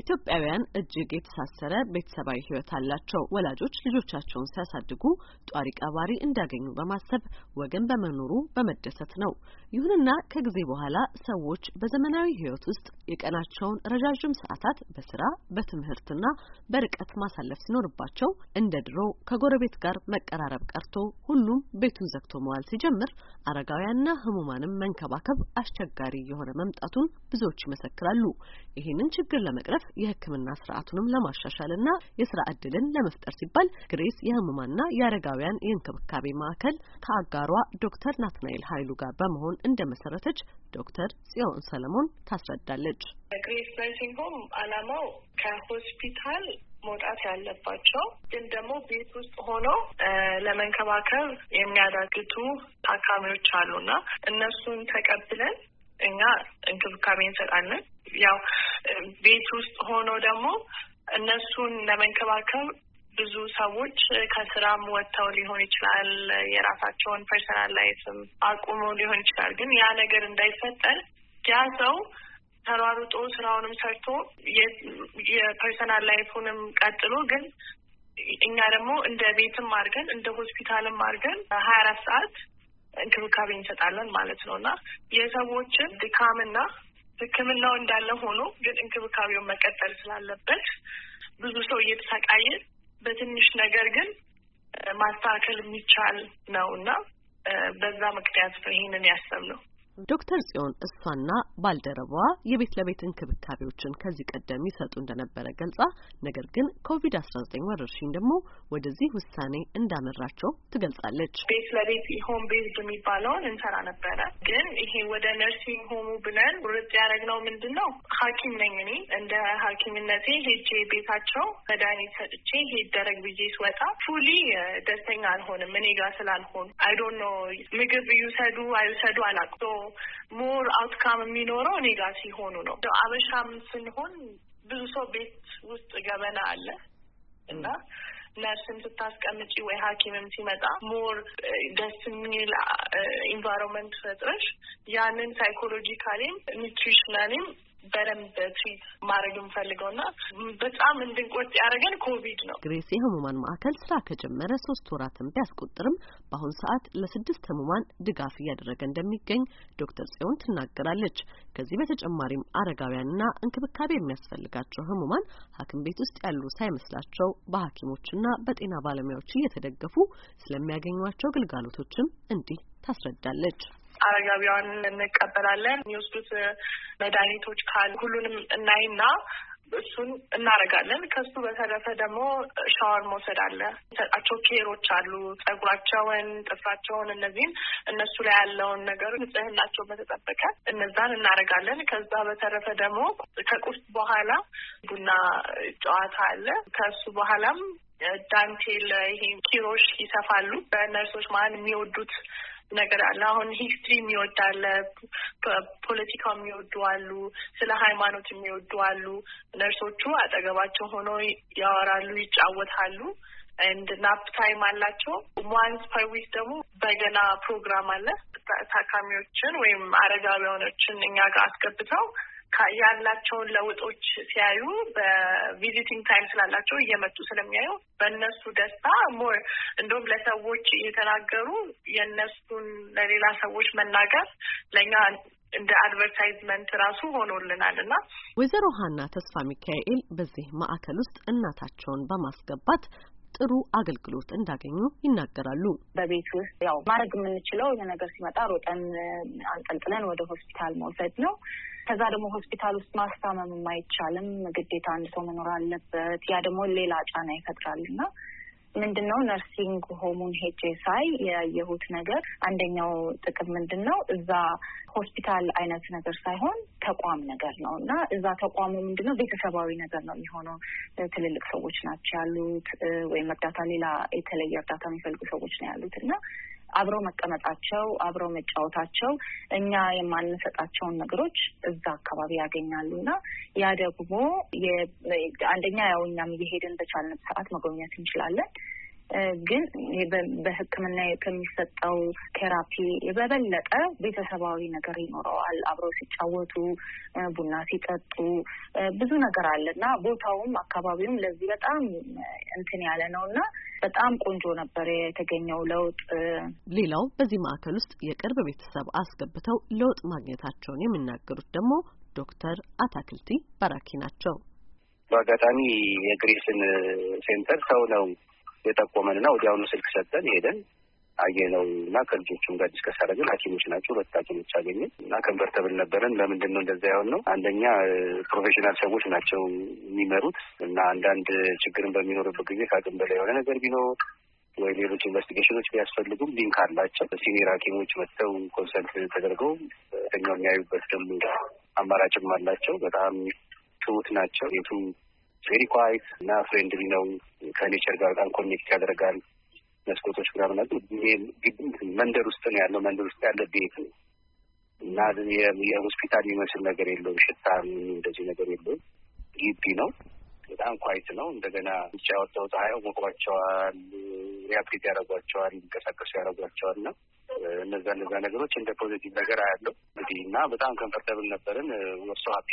ኢትዮጵያውያን እጅግ የተሳሰረ ቤተሰባዊ ህይወት አላቸው። ወላጆች ልጆቻቸውን ሲያሳድጉ ጧሪ ቀባሪ እንዲያገኙ በማሰብ ወገን በመኖሩ በመደሰት ነው። ይሁንና ከጊዜ በኋላ ሰዎች በዘመናዊ ህይወት ውስጥ የቀናቸውን ረዣዥም ሰዓታት በስራ በትምህርትና በርቀት ማሳለፍ ሲኖርባቸው እንደ ድሮ ከጎረቤት ጋር መቀራረብ ቀርቶ ሁሉም ቤቱን ዘግቶ መዋል ሲጀምር አረጋውያንና ህሙማንም መንከባከብ አስቸጋሪ የሆነ መምጣቱን ብዙዎች ይመሰክራሉ። ይህንን ችግር ለመቅረፍ የህክምና የሕክምና ስርዓቱንም ለማሻሻልና የስራ እድልን ለመፍጠር ሲባል ግሬስ የህሙማንና የአረጋውያን የእንክብካቤ ማዕከል ከአጋሯ ዶክተር ናትናኤል ኃይሉ ጋር በመሆን እንደመሰረተች ዶክተር ጽዮን ሰለሞን ታስረዳለች። ግሬስ ነርሲንግ ሆም አላማው ከሆስፒታል መውጣት ያለባቸው ግን ደግሞ ቤት ውስጥ ሆነው ለመንከባከብ የሚያዳግቱ ታካሚዎች አሉና እነሱን ተቀብለን እኛ እንክብካቤ እንሰጣለን። ያው ቤት ውስጥ ሆኖ ደግሞ እነሱን ለመንከባከብ ብዙ ሰዎች ከስራም ወጥተው ሊሆን ይችላል። የራሳቸውን ፐርሰናል ላይፍም አቁመው ሊሆን ይችላል። ግን ያ ነገር እንዳይፈጠር ያ ሰው ተሯሩጦ ስራውንም ሰርቶ የፐርሰናል ላይፉንም ቀጥሎ ግን እኛ ደግሞ እንደ ቤትም አድርገን እንደ ሆስፒታልም አድርገን ሀያ አራት ሰዓት እንክብካቤ እንሰጣለን ማለት ነው እና የሰዎችን ድካምና ሕክምናው እንዳለ ሆኖ ግን እንክብካቤውን መቀጠል ስላለበት ብዙ ሰው እየተሰቃየ በትንሽ ነገር ግን ማስተካከል የሚቻል ነው እና በዛ ምክንያት ነው ይህንን ያሰብነው። ዶክተር ጽዮን እሷና ባልደረባዋ የቤት ለቤት እንክብካቤዎችን ከዚህ ቀደም ይሰጡ እንደነበረ ገልጻ፣ ነገር ግን ኮቪድ አስራ ዘጠኝ ወረርሽኝ ደግሞ ወደዚህ ውሳኔ እንዳመራቸው ትገልጻለች። ቤት ለቤት ሆም ቤዝድ የሚባለውን እንሰራ ነበረ። ግን ይሄ ወደ ነርሲንግ ሆሙ ብለን ርጥ ያደረግነው ምንድን ነው? ሐኪም ነኝ እኔ እንደ ሐኪምነቴ ሄጄ ቤታቸው መድኃኒት ሰጥቼ ደረግ ብዬ ስወጣ ፉሊ ደስተኛ አልሆንም እኔ ጋር ስላልሆኑ አይዶን ነው ምግብ ይውሰዱ አይውሰዱ አላውቅም ሞር አውትካም የሚኖረው እኔ ጋር ሲሆኑ ነው። አበሻም ስንሆን ብዙ ሰው ቤት ውስጥ ገበና አለ እና ነርስም ስታስቀምጪ ወይ ሐኪምም ሲመጣ ሞር ደስ የሚል ኢንቫይሮንመንት uh, ፈጥረሽ ያንን ሳይኮሎጂካሊም ኒትሪሽናሊም በደንብ ትሪት ማድረግ የምፈልገው ና በጣም እንድንቆጥ ያደረገን ኮቪድ ነው። ግሬስ የህሙማን ማዕከል ስራ ከጀመረ ሶስት ወራትን ቢያስቆጥርም በአሁን ሰዓት ለስድስት ህሙማን ድጋፍ እያደረገ እንደሚገኝ ዶክተር ጽዮን ትናገራለች። ከዚህ በተጨማሪም ና እንክብካቤ የሚያስፈልጋቸው ህሙማን ሐኪም ቤት ውስጥ ያሉ ሳይመስላቸው ና በጤና ባለሙያዎች እየተደገፉ ስለሚያገኟቸው ግልጋሎቶችም እንዲህ ታስረዳለች። አረጋቢያን እንቀበላለን። የሚወስዱት መድኃኒቶች ካሉ ሁሉንም እናይና እሱን እናደርጋለን። ከሱ በተረፈ ደግሞ ሻወር መውሰድ አለ። ሰጣቸው ኬሮች አሉ። ጸጉራቸውን፣ ጥፍራቸውን እነዚህን እነሱ ላይ ያለውን ነገር ንጽህናቸው በተጠበቀ እነዛን እናደርጋለን። ከዛ በተረፈ ደግሞ ከቁርስ በኋላ ቡና ጨዋታ አለ። ከሱ በኋላም ዳንቴል ይሄ ኪሮሽ ይሰፋሉ። በነርሶች መሀል የሚወዱት ነገር አለ። አሁን ሂስትሪ የሚወድ አለ፣ ፖለቲካ የሚወዱ አሉ፣ ስለ ሃይማኖት የሚወዱ አሉ። ነርሶቹ አጠገባቸው ሆኖ ያወራሉ፣ ይጫወታሉ። እንድ ናፕ ታይም አላቸው። ዋንስ ፐር ዊክ ደግሞ በገና ፕሮግራም አለ። ታካሚዎችን ወይም አረጋቢያኖችን እኛ ጋር አስገብተው ያላቸውን ለውጦች ሲያዩ በቪዚቲንግ ታይም ስላላቸው እየመጡ ስለሚያዩ በእነሱ ደስታ ሞር እንደውም ለሰዎች እየተናገሩ የእነሱን ለሌላ ሰዎች መናገር ለእኛ እንደ አድቨርታይዝመንት ራሱ ሆኖልናል እና ወይዘሮ ሀና ተስፋ ሚካኤል በዚህ ማዕከል ውስጥ እናታቸውን በማስገባት ጥሩ አገልግሎት እንዳገኙ ይናገራሉ። በቤት ውስጥ ያው ማድረግ የምንችለው ነገር ሲመጣ ሮጠን አንጠልጥለን ወደ ሆስፒታል መውሰድ ነው። ከዛ ደግሞ ሆስፒታል ውስጥ ማስታመምም አይቻልም። ግዴታ አንድ ሰው መኖር አለበት። ያ ደግሞ ሌላ ጫና ይፈጥራል እና ምንድን ነው ነርሲንግ ሆሙን ሄጄ ሳይ ያየሁት ነገር አንደኛው ጥቅም ምንድን ነው እዛ ሆስፒታል አይነት ነገር ሳይሆን ተቋም ነገር ነው እና እዛ ተቋሙ ምንድን ነው ቤተሰባዊ ነገር ነው የሚሆነው። ትልልቅ ሰዎች ናቸው ያሉት፣ ወይም እርዳታ ሌላ የተለየ እርዳታ የሚፈልጉ ሰዎች ነው ያሉት እና አብረው መቀመጣቸው፣ አብረው መጫወታቸው እኛ የማንሰጣቸውን ነገሮች እዛ አካባቢ ያገኛሉ እና ያ ደግሞ አንደኛ ያው እኛም እየሄድን በቻልን ሰዓት መጎብኘት እንችላለን ግን በሕክምና ከሚሰጠው ቴራፒ በበለጠ ቤተሰባዊ ነገር ይኖረዋል። አብረው ሲጫወቱ፣ ቡና ሲጠጡ ብዙ ነገር አለ እና ቦታውም አካባቢውም ለዚህ በጣም እንትን ያለ ነው እና በጣም ቆንጆ ነበር የተገኘው ለውጥ። ሌላው በዚህ ማዕከል ውስጥ የቅርብ ቤተሰብ አስገብተው ለውጥ ማግኘታቸውን የሚናገሩት ደግሞ ዶክተር አታክልቲ ባራኪ ናቸው። በአጋጣሚ የግሪስን ሴንተር ሰው ነው የጠቆመንና ወዲያውኑ ስልክ ሰጠን ሄደን አየነው እና ከልጆቹም ጋር ዲስከስ አደረግን። ሐኪሞች ናቸው ሁለት ሐኪሞች አገኘ እና ከንቨርተብል ነበረን። ለምንድን ነው እንደዛ ያሆን ነው? አንደኛ ፕሮፌሽናል ሰዎች ናቸው የሚመሩት እና አንዳንድ ችግርን በሚኖርበት ጊዜ ከአቅም በላይ የሆነ ነገር ቢኖር ወይ ሌሎች ኢንቨስቲጌሽኖች ቢያስፈልጉም ሊንክ አላቸው። ሲኒየር ሐኪሞች መጥተው ኮንሰልት ተደርገው ተኛው የሚያዩበት ደግሞ አማራጭም አላቸው። በጣም ትሁት ናቸው። የቱ ቬሪ ኳይት እና ፍሬንድሊ ነው። ከኔቸር ጋር በጣም ኮኔክት ያደርጋል። መስኮቶች ምናምን አሉ። መንደር ውስጥ ነው ያለው፣ መንደር ውስጥ ያለ ቤት ነው እና የሆስፒታል የሚመስል ነገር የለውም። ሽታ እንደዚህ ነገር የለውም። ግቢ ነው። በጣም ኳይት ነው። እንደገና ውጭ ያወጣው ፀሐይ ሞቅሯቸዋል፣ ሪያፕሊት ያደረጓቸዋል፣ እንዲንቀሳቀሱ ያደረጓቸዋል እና እነዛ እነዛ ነገሮች እንደ ፖዘቲቭ ነገር አያለው እንግዲህ እና በጣም ከንፈርተብል ነበርን ወሶ ሀፒ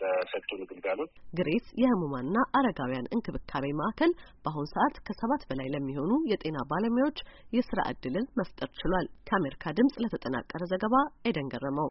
በሰጡን ግልጋሎት ግሬስ የህሙማንና አረጋውያን እንክብካቤ ማዕከል በአሁኑ ሰዓት ከሰባት በላይ ለሚሆኑ የጤና ባለሙያዎች የስራ እድልን መፍጠር ችሏል። ከአሜሪካ ድምጽ ለተጠናቀረ ዘገባ ኤደን ገረመው